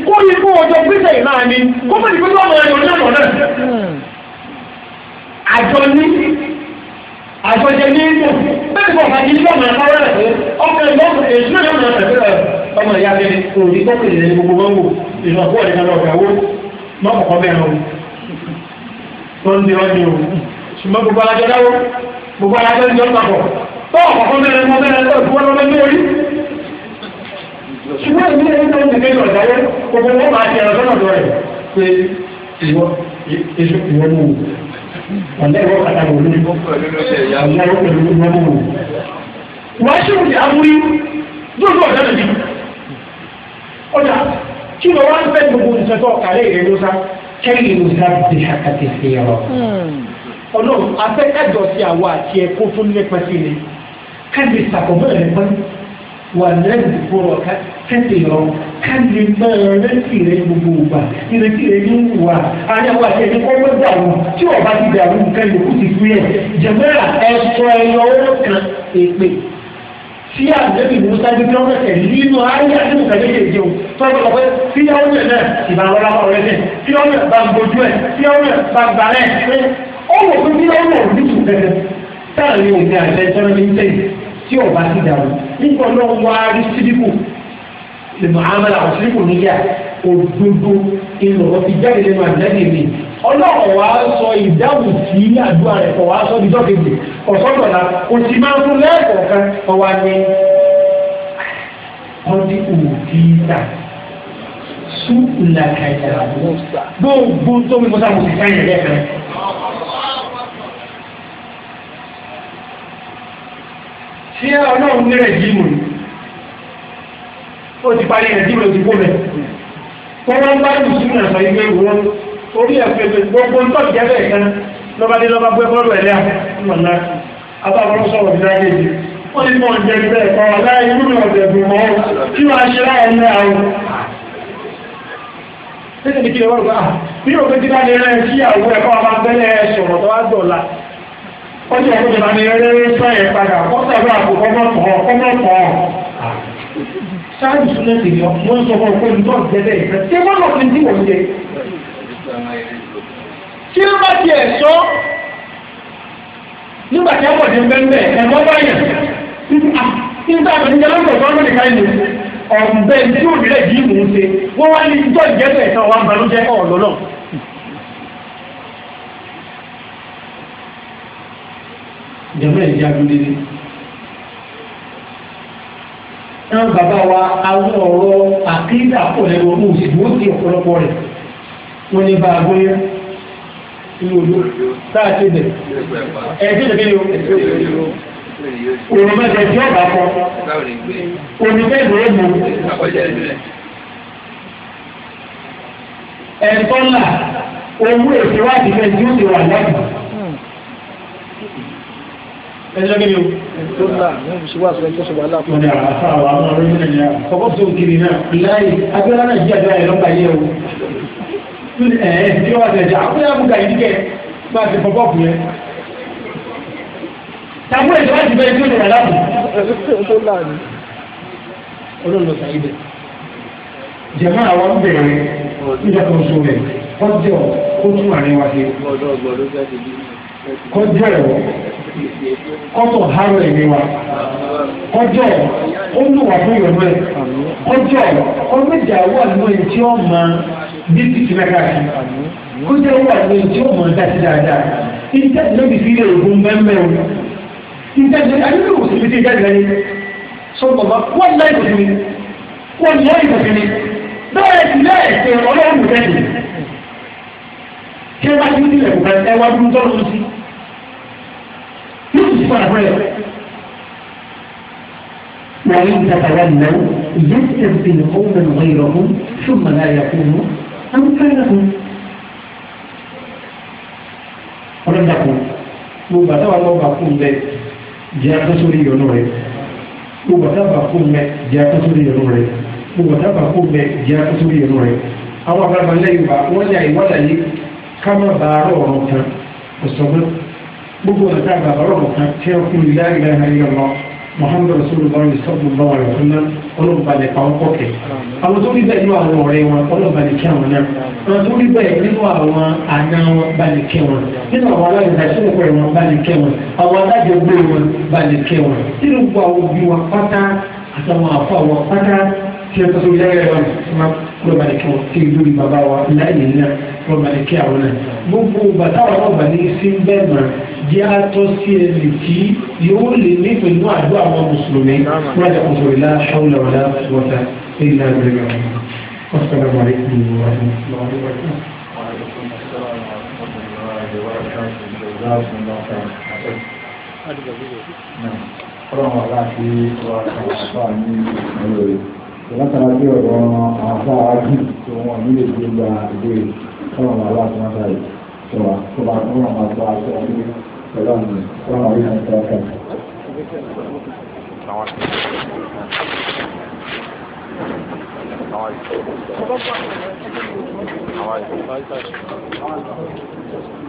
kó yí fún ọjọ́ gbèsè náà ni kó fẹ́ ìgbésẹ̀ ọmọ ẹ̀yọ náà náà. àjọ ní ní ìlú bẹ́ẹ̀ bọ̀ fàájì rẹ̀ èṣù náà ọmọ ìyá bẹ́ẹ̀ ìrìn gbogbo gbogbo ara bẹ́ẹ̀ papọ̀ tó ọ̀kọ̀ọ̀kan mẹ́rin mọ́ mẹ́rin lọ́ọ̀ fún ọlọ́mọ ẹgbẹ́ orí. ṣùgbọ́n ìdílé ní sọ́yìn ti kéjọ ìdáyé gbogbo wọn máa ti ẹ̀rọ sọ́nà lọ́rẹ̀ pé ìwọ èso ìwọ mú wò ọ̀lẹ́ ìwọ kàtà wò lórí ọ̀lẹ́ ìwọ pẹ̀lú ìwọ mú wò. wàá ṣèwò ti amúrí lójú ọ̀dọ́ nàbí ọjà kí lọ wá ń fẹ́ gbogbo ìṣẹ́tọ̀ kàlẹ́ ìrẹ́lósá ọlọ́run afẹ́ ẹ̀dọ̀ sí àwọ̀ àti ẹ̀kọ́ fún nípa sí ni káàdì ìsàkọ̀bọ̀ rẹ̀ pẹ́ wà lẹ́yìn ìfọ̀rọ̀ kẹ́sì lọ káàdì mẹ́rin rẹ́sì rẹ̀ gbogbo ìgbà ìrètí rẹ̀ ní wà àyẹ̀wò àti ẹ̀yìn kọ́ gbọ́dọ̀ àwọn tí ọba ti dàrú nǹkan yòókù ti fi ẹ̀ jẹ̀mẹ́rà ẹ̀sọ́ ẹ̀yọ kan èpè tí àgbẹ̀bí musa bí wọ́n rẹ̀ nínú ayé àti nǹkan méjèèjì o tó ń lọ́pẹ́ tí yàwó rẹ̀ náà ìbáwọ́lá ọ̀rẹ́ náà tí yàwó rẹ̀ bá ń bojú ẹ̀ tí yàwó rẹ̀ bá gbà rẹ̀ wò pé bí wọn náà ní ìṣẹ̀lẹ̀ sáà ní òun ní àtẹjọrọ ní sẹ́yìn tí ọba ti dàrú nípa náà wá rí sídìkù lè mọ àmàlà àwọn sídìkù níyà òdodo ìlọrọ ti jáde lẹ́nu àdìlẹ́yìn mi ọlọ́run wa sọ ìdáhùn sí àdúrà rẹ̀ kọ̀ wá sọ ní dọ́kẹ̀dẹ̀ ọ̀sọ́dọ̀la kò sì máa fún lẹ́ẹ̀kọ̀ọ̀kan ọwọ́ ni ọdí òkìta sùn làkàyà gbogbo tó mi mọ́ta mo sì káyà lẹ́ẹ̀kan. tí ọlọ́run ní rẹ̀jímù ó ti parí rẹ̀jímù ti kó mẹ́ kó wọ́n bá ìsúnmù ẹ̀sọ́ ìgbé wọn orí ẹ̀fẹ́ gbogbo ń tọ́jú ẹ̀fẹ́ ìkan lọ́ba dé lọ́ba gbé fọ́lọ́ ẹ̀lẹ́à mọ̀lá abáwọn sọ̀rọ̀ ní ayé yìí wọ́n ní mọ̀ ń jẹ bẹ́ẹ̀ kọ́ láì inú mi ọ̀dẹ̀ dùn mọ́ kí wọ́n á ṣe láì ẹ̀lẹ́ àwọn títí ní kí lè wọ́n ah bí òfin ti bá lè rẹ̀ sí àwọn ẹ̀kọ́ ọmọ abẹ́lẹ̀ sọ̀rọ̀ tó wá dọ̀la ó ti ìjọba ni eré sẹ́yìn padà kó àpò kọ́mọ̀tàn kọ́mọ̀tàn. sáàbì súnlẹ̀ tèmi wọ́n sọ fún ọkọ ìlú náà ìfẹ́ tí wọ́n lọ fi ń ṣe. tí ó bá tiẹ̀ sọ nígbà tí ọmọdé ń bẹ́ẹ̀ bẹ́ẹ̀ ẹ̀mọ́ báyà nígbà tí ìjọba ń sọ̀rọ̀ ọmọdé ká ìlú ọ̀nbẹ́ tí ò jẹ́mọ́ ẹ̀jẹ̀ adúlélé. Náà bàbá wa àwọn ọ̀rọ̀ àkéèdà pọ̀ lẹ́nu ọdún òṣèlú ó ti ọ̀pọ̀lọpọ̀ rẹ̀. Wọ́n ní bá a gbóyá inú odó táà ṣe bẹ̀. Ẹ̀jẹ̀ tẹ̀lé o. Òrùn mẹ́ta ẹ̀jẹ̀ ọ̀bà kọ. Omi bẹ́ẹ̀ ló mú. Ẹ̀ńtọ́là owó èsì wádìí mẹ́ta tí ó ti wà lẹ́yìn ẹjọ́ kí o. tó ń là ní oṣù wa sọ ẹjọ́ ṣùgbọ́n aláàfin. ọ̀dà àfa àwọn ọmọ orí nàìjíríà kọ́kọ́ tó kiri náà láì abiola náà jíjà bíra ẹ̀rọ báyé o. ẹ ẹ bí wàá tẹ̀lé àkúrẹ́ àbúkà yìí kẹ́ máa ti fọ́pọ́ kù yẹn. tàbí ẹ̀jọ̀ láti bẹ̀rẹ̀ tí ó lọ́ra láti. olóòlù sàyí bẹ̀. jẹ̀mọ́ àwọn bẹ̀rẹ̀ níjàkọ̀ oṣù rẹ̀ kọjọ́ kó tún àárín wa ṣe. kọjọ́ ẹ̀wọ̀ kọ́tọ̀ haro ẹ̀mí wa kọjọ́ ó lù wá fún ìrọ̀lú ẹ̀ kọjọ́ ọmọdé àwọn àlọ́ ẹ̀ tí ó mọ bí títí náà káàkiri kọjọ́ àwọn àlọ́ ẹ̀ tí ó mọ dájú dáadáa ìjẹ́ ìlẹ́bi fi lè gun mẹ́mẹ́ o ìjẹ́ ìlẹ́bi ayélujára kò sí fi ti ìjẹ́ ìlẹ́bi sọ́kọ̀ bá wọ́n láì kò sí mi wọ́n láì kò sí mi bẹ́ẹ̀ sì lẹ́ẹ̀sẹ̀ ọlọ́run kẹ́sì kí ẹ bá ti ń tilẹ̀ kò kẹ́sì ẹ wá dúró tọ́lọ́ sí. صعبة وإن تتولوا يستبدل قوما غيرهم ثم لا يكونوا أمثالهم ọlọ́run dàpọ̀ gbogbo àtàwọn ọlọ́ba fún bẹ jẹ́ akọ́sórí ìyọnu rẹ gbogbo àtàwọn fún bẹ jẹ́ akọ́sórí ìyọnu rẹ gbogbo àtàwọn fún bẹ jẹ́ akọ́sórí ìyọnu rẹ àwọn àgbàlagbà lẹ́yìn wa wọ́n ní àyíwá láyé ká má bàa rọ̀ ọ̀rọ̀ kan ọ̀sọ̀gbọ́n gbogbo ọ̀nà tá a gbà lọ́rọ̀ kan tí ó fún ilé ayé ilé ayé lọ muhammed rasulullah sallallahu alaihi wa sallam ọlọ́balẹ̀ káwọn kọ̀kẹ́ àwọn tó rí bẹ́ẹ̀ nínú àwọn ọ̀rẹ́ wọn ọlọ́balẹ̀ kí àwọn náà àwọn tó rí bẹ́ẹ̀ nínú àwọn àna wọn balẹ̀ kẹ́ wọn nínú àwọn aláìsàsílẹ̀kọ̀ wọn balẹ̀ kẹ́ wọn àwọn adájọ́ gbé wọn balẹ̀ kẹ́ wọn nínú gbogbo àwọn òbí wọn pátá àtàwọn àfọ àwọn pátá tí ẹ tó sórí ẹgbẹ́ wa máa kúrò máa kí wọn tí ìlú rí bàbá wa láyé náà kúrò máa kí àwọn náà gbogbo bàtà wa náà bà ní sí bẹ́ẹ̀ mà jẹ́ àtọ́ sí ẹni tí yóò lè nífẹ̀ẹ́ inú àdó àwọn mùsùlùmí wọn àti mùsùlùmí la hawla wala quwwata illa billah assalamu alaykum wa rahmatullahi wa barakatuh. Ọlọ́run ọ̀la àti ọ̀la àti ọ̀la ní ìlú rẹ̀ látara pé ọ̀rọ̀ àáfà ágì tó wọn nílé ìgbé gba ìbéèrè ọ̀rọ̀ wà láti wọn sáré sọ̀rọ̀ tó bá tó wọn máa gba aṣọ ọdún pẹ̀lú àmì ọ̀rọ̀ orí àti ọ̀kẹ́. Thank you.